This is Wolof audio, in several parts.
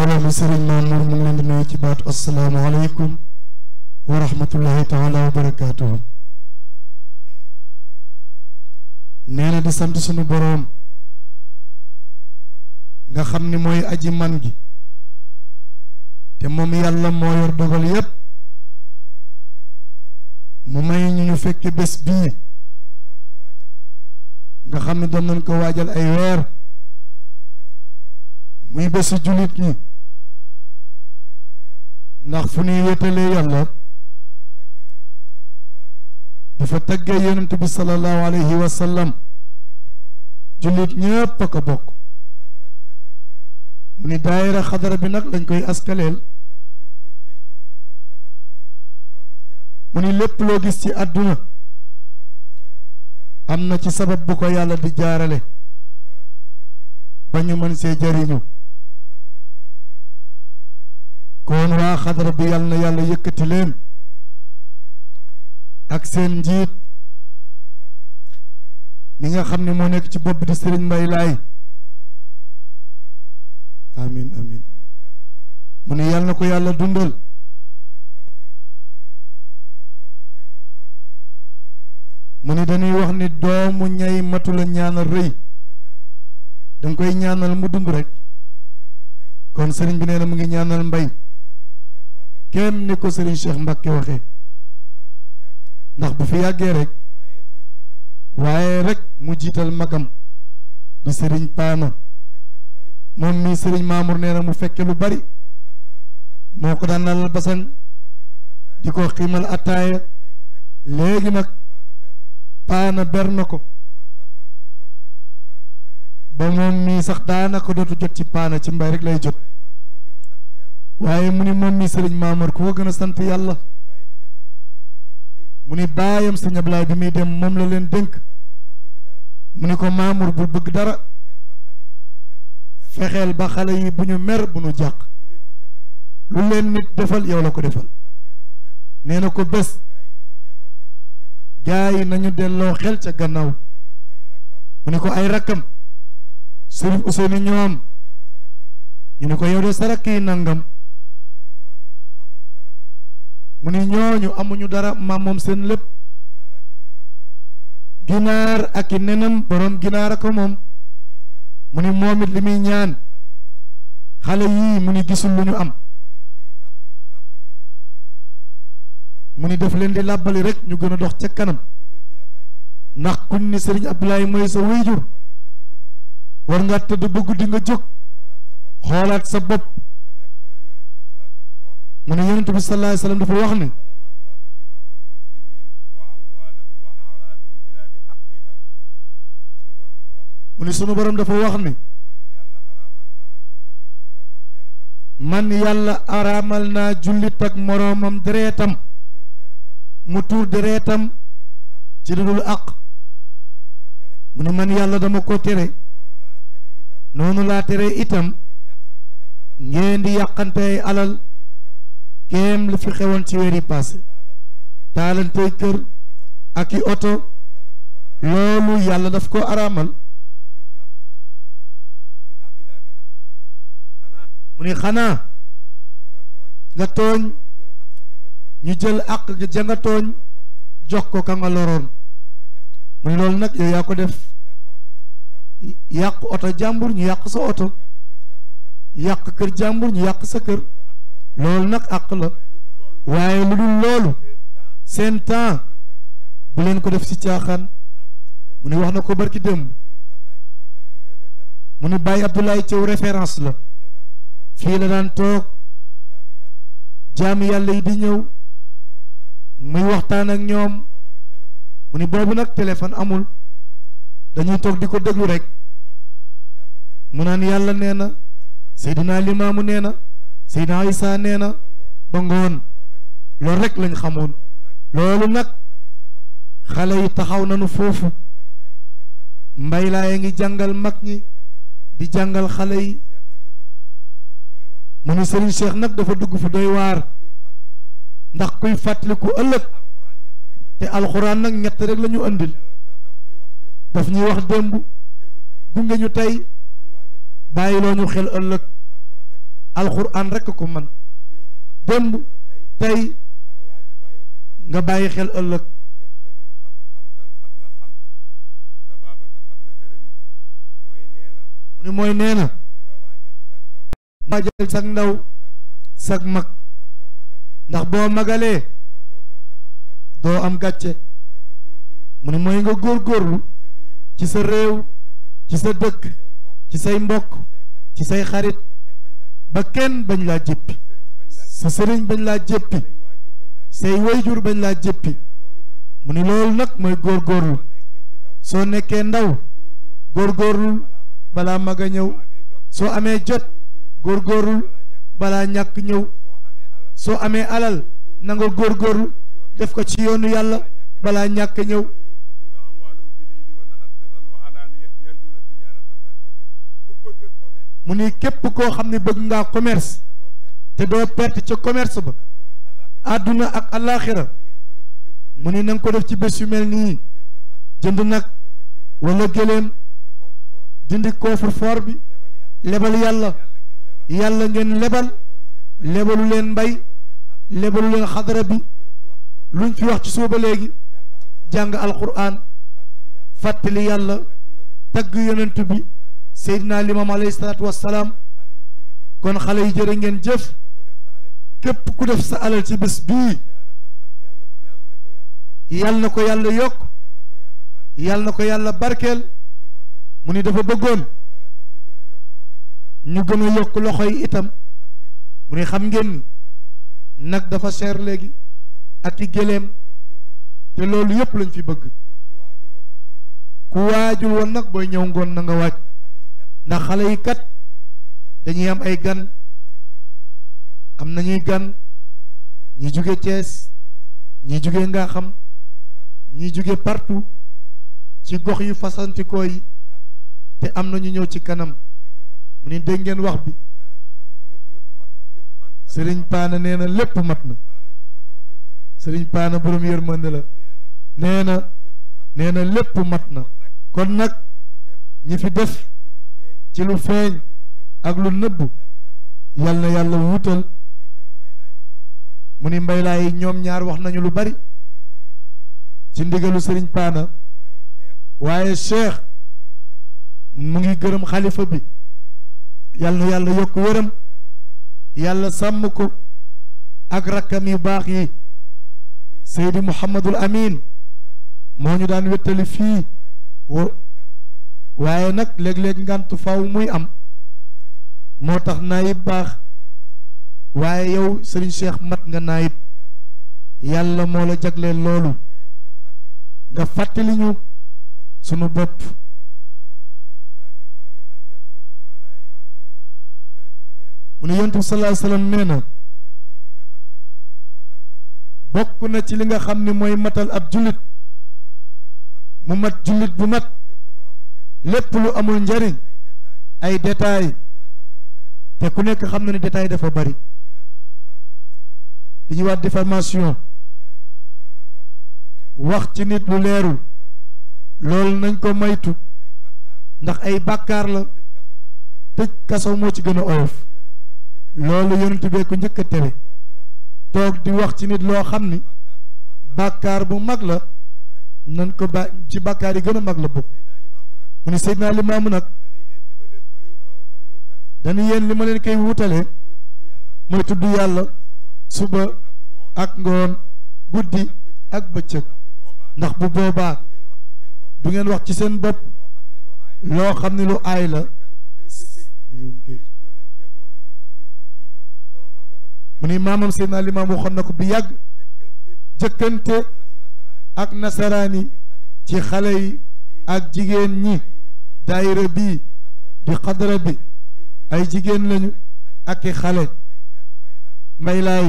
mbooloo mi sëriñ Mamour mu ngi leen di nuyu ci baatu asalaamaaleykum wa rahmatullahi taala wa barakaatuhu nee di sant sunu boroom nga xam ni mooy aji man gi te moom yàlla moo yor dogal yépp mu may ñu ñu fekke bés bii nga xam ni doon nañ ko waajal ay weer muy bésu jullit ñi ndax fu ñuy wéetalee yàlla dafa tagge yonent bi sallallahu alayhi wa sallam jullit ñépp a ko bokk mu ni daayira xadara bi nag lañ koy askaleel mu ni lépp loo gis ci àdduna am na ci sabab bu ko yàlla di jaarale ba ñu mën see jariñu kon wa xadara bi yalna yalla yàlla yëkkati leen ak seen njiit mi nga xamne mo nek ci bopp di serigne mbay lay amin amin mu ne yàlla ko yalla dundal mu ne dañuy wax ni doomu ñay matula ñaanal reuy dang koy ñaanal mu dund rek kon serigne bi neena mu ngi ñaanal mbay kenn ni ko Serigne Cheikh Mbacke waxee ndax bu fi yàggee rek waaye rek mu jiital magam di Serigne Paama moom mii Serigne Mamour nee na mu fekke lu bari moo ko daan lalal basan di ko xiimal attaaya léegi nag paana ber na ko ba moom mii sax ko dootu jot ci paana ci mbay rek lay jot waaye mu ni moom mi sëriñ Maamar ku ko gën a sant yàlla mu ni baayam sëñ Ablaay bi muy dem moom la leen dënk mu ni ko Maamar bu bëgg dara fexeel ba xale yi bu ñu mer bu ñu jàq lu leen nit defal yow la ko defal nee na ko bés gaa yi nañu delloo xel ca gannaaw mu ni ko ay rakkam Sëriñ Useynu ñoom ñu ni ko yow de sarak yi nangam mu ni ñu amuñu dara maam moom seen lépp ginaar ak i nenam borom ginaar ak moom mu ni moom li muy ñaan xale yii mu ni gisul lu ñu am mu ni def leen di làbbali rek ñu gën a dox ca kanam ndax kuñ ni sëriñ Abdoulaye mooy sa wéyjur war nga tëdd ba guddi nga jóg xoolaat sa bopp من يوم تبي صلى الله عليه وسلم دفع وحنا من سنو برم دفع وحنا من يلا أراملنا جلتك مرامم دريتم مطور دريتم جلدو الأق من من يلا دمكو تري نونو لا تري إتم نيندي يقنتي علل نون kéem la fi xewoon ci weer yi passé taalantey kër ak i oto loolu yàlla daf ko araamal mu ne xanaa nga tooñ ñu jël àq ja nga tooñ jox ko ka nga loroon mu ni loolu nag yow yaa ko def yàq oto jàmbur ñu yàq sa oto yàq kër jàmbur ñu yàq sa kër lol nak ak la waye lu dul loolu seen temps bu len ko def ci tiaxan muni wax na ko barki dem mu Baye Abdoulaye Thiaw reference la fi la daan tok jami yalla yi di ñew muy waxtaan ak ñom mu bobu nak telephone amul dañuy tok diko deglu rek mu nan yalla neena sayyidina Seydina neena Seydina Isa nee na ba ngoon loolu rek lañ xamoon loolu nag xale yi taxaw nañu foofu mbay laa ngi jàngal mag ñi di jàngal xale yi mu ne Serigne Cheikh nag dafa dugg fu doy waar ndax kuy fàttaliku ëllëg te alxuraan nag ñett rek la ñu andil daf ñuy wax démb gunge ñu tey bàyyiloo ñu xel ëllëg alxuraan rekk ko man démb tey nga bàyyi xel ëllëg mu ni mooy nee na waajal sag ndaw sag mag ndax boo magalee doo am gàcce mu ne mooy nga góorgóorlu ci sa réew ci sa dëkk ci say mbokk ci say xarit ba kenn bañ laa jéppi sa sëriñ bañ laa jéppi say wayjur bañ laa jéppi mu ni loolu nag mooy góor góorgóorlu soo nekkee ndaw góorgóorlu balaa mag a ñëw soo amee jot góorgóorlu balaa ñàkk ñëw soo amee alal nanga góor góorgóorlu def ko ci yoonu yàlla balaa ñàkk ñëw mu ni képp koo xam ne bëgg ngaa commerce te doo perte ca commerce ba àdduna ak alaaxira mu ni na ko def ci bés yu mel nii jënd nag wala gëléem dindi coffre fort bi lebal yàlla yàlla ngeen lebal lebalu leen mbay lebalu leen xadara bi luñ fi wax ci suuba léegi jàng alquran fàttali yàlla tagg yonent bi seydina limam alayhi salaatu wassalaam kon xale yi jërë ngeen jëf képp ku def sa alal ci bés bii yàlla na ko yàlla yokk yàlla na ko yàlla barkeel mu ni dafa bëggoon ñu gën a yokk loxo yi itam mu ni xam ngeen nag dafa seer léegi ak i géléem te loolu yépp lañ fi bëgg ku waajul woon nag booy ñëw ngoon nanga nga na khalaikat danyam aigan am nañuy gan ñi jóge ties ñi nga xam ñi jóge partout ci gox yu fasantikoo koy te am nañu ñëw ci kanam mu ni nena ngeen wax bi serigne paana neena nena matna serigne na paana borom la neena neena lepp matna kon nak ñi fi def ci lu feeñ ak lu nëbb yal na yàlla wutal mu ni mbay laay ñoom ñaar wax nañu lu bari ci ndigalu sëriñ paana waaye cheikh mu ngi gërëm xalifa bi yal na yàlla yokk wéram yàlla sàmm ko ak rakkam yu baax yi seydi muhammadul amin moo ñu daan wettali fii waaye nag léeg-léeg ngànt faw muy am moo tax naayib baax waaye yow sëriñ Cheikh mat nga naayib yàlla moo la jagleel loolu nga fàttali ñu sunu bopp mu ne yonent bi sallallahu alayhi wasallam nee na bokk na ci li nga xam ne mooy matal ab jullit mu mat jullit bu mat lépp lu amul njariñ ay détails te ku nekk xam na ni détails dafa bari li ñu wax diffamation wax ci nit lu leerul loolu nañ ko maytu ndax ay bàkkaar la tëj kaso moo ci gën a oyof loolu yonent bee ku njëkk tere toog di wax ci nit loo xam ni bàkkaar bu mag la nan ko ba ci bàkkaar yi gën a mag la bokk mu ne Seydina Limaamu nag dañu yéen li ma leen koy wuutale mooy tudd yàlla suba ak ngoon guddi ak bëccëg ndax bu boobaa du ngeen wax ci seen bopp loo xam ne lu aay la mu ni maamam Seydina Limaam waxoon na ko bu yàgg jëkkante ak nasaraani ci xale yi ak jigéen ñi daayira bii di xadara bi ay jigéen lañu ak i xale mbaylaay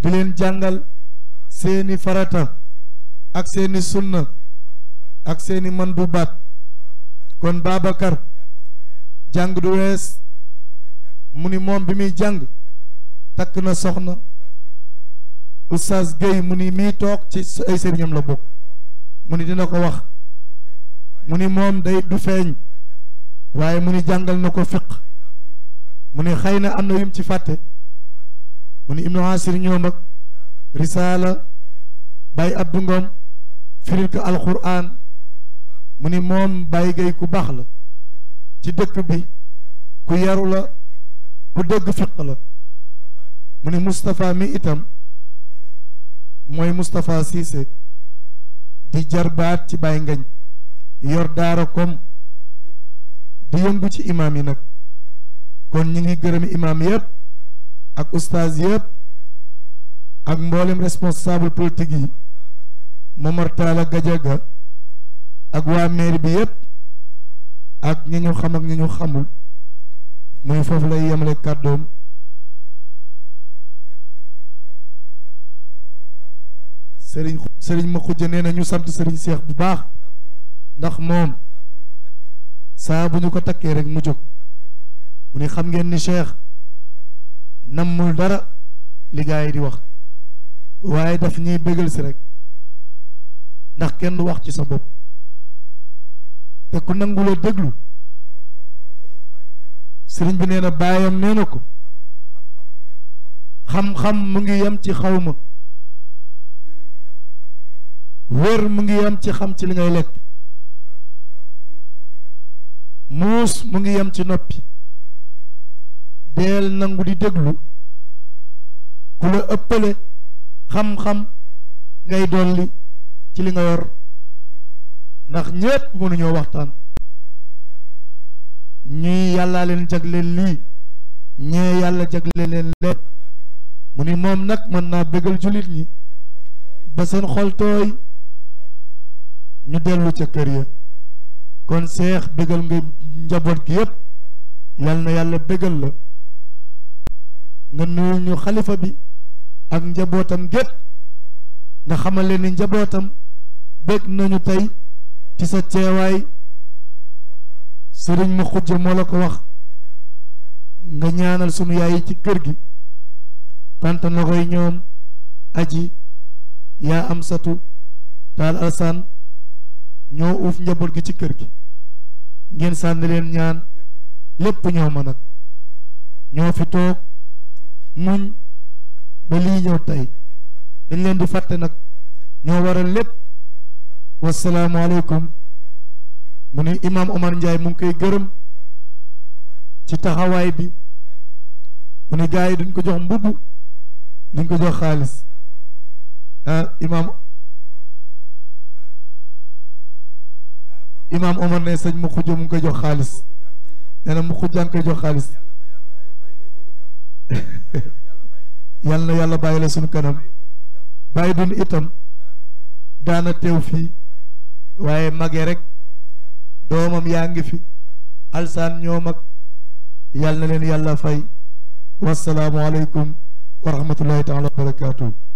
di leen jàngal seeni farata ak seeni sunna ak seeni mandubaat kon Babacar jàng du wees mu ni moom bi muy jàng takk na soxna Oustaz Gueye mu ni mii toog ci ay sëriñam la bokk mu ni dina ko wax mu ni moom day du feeñ waaye mu ni jàngal na ko fiq mu ni xëy na am na yum ci fàtte mu ni ibnu asir ñoom risaala bàyyi abdu ngoom firil ko alquran mu ni moom bàyyi gay ku baax la ci dëkk bi ku yaru la ku dëgg fiq la mu ni Moustapha mi itam mooy Moustapha Cissé di jarbaat ci bàyyi ngañ yor daara kom di yëngu ci imaam yi nag kon ñu ngi gërëm imaam yëpp ak ustaaz yëpp ak mboolem responsable politique yi Momar Talla Gajaga ak waa mairie bi yëpp ak ñi ñu xam ak ñu xamul muy foofu lay yemale kàddoom sëriñ sëriñ ma xujja nee na ñu sant sëriñ Seex bu baax ndax moom saa bu ñu ko takkee rek mu jóg mu ne xam ngeen ni cheikh nammul dara li yi di wax waaye daf ñuy bégal si rek ndax kenn du wax ci sa bopp te ku nangula déglu sëriñ bi nee na baayam nee na ko xam-xam mu ngi yem ci xawma wér mu ngi yem ci xam ci li ngay lekk muus mu ngi yem ci noppi deel nangu di déglu ku la ëppale xam-xam ngay dolli ci li nga yor ndax ñépp mënuñoo waxtaan ñii yàllaa leen jagleel lii ñee yàlla jagle leen leen mu ni moom nag mën naa bégal jullit ñi ba seen xol tooy ñu dellu ca kër ya kon seex bégal nga njaboot gi yépp yal na yàlla bégal la nga nuyu ñu xalifa bi ak njabootam gépp nga xamale ni njabootam bég nañu tey ci sa teewaay sëriñ ma xujja moo la ko wax nga ñaanal sunu yaay ci kër gi tant na koy ñoom aji yaa am satu taal alsaan ñoo uuf njaboot gi ci kër gi ngeen sànni leen ñaan lépp ñoo ma nag ñoo fi toog muñ ba lii ñëw tey dañ leen di fàtte nag ñoo waral lépp wasalaamualeykum mu ne imaam Omar Ndiaye mu ngi koy gërëm ci taxawaay bi mu ne gars duñ ko jox mbubb duñ ko jox xaalis ah, imaam imam Omar ne sëñ mu xuj mu jox xaalis nee mu xujaa jox xaalis yal yàlla bàyyi la kanam bàyyi dun itam dana teew fii waaye magee rek doomam yaa ngi fi alsaan ñoo mag yal na yàlla fay wasalaamualeykum wa rahmatullahi taala wa barakaatu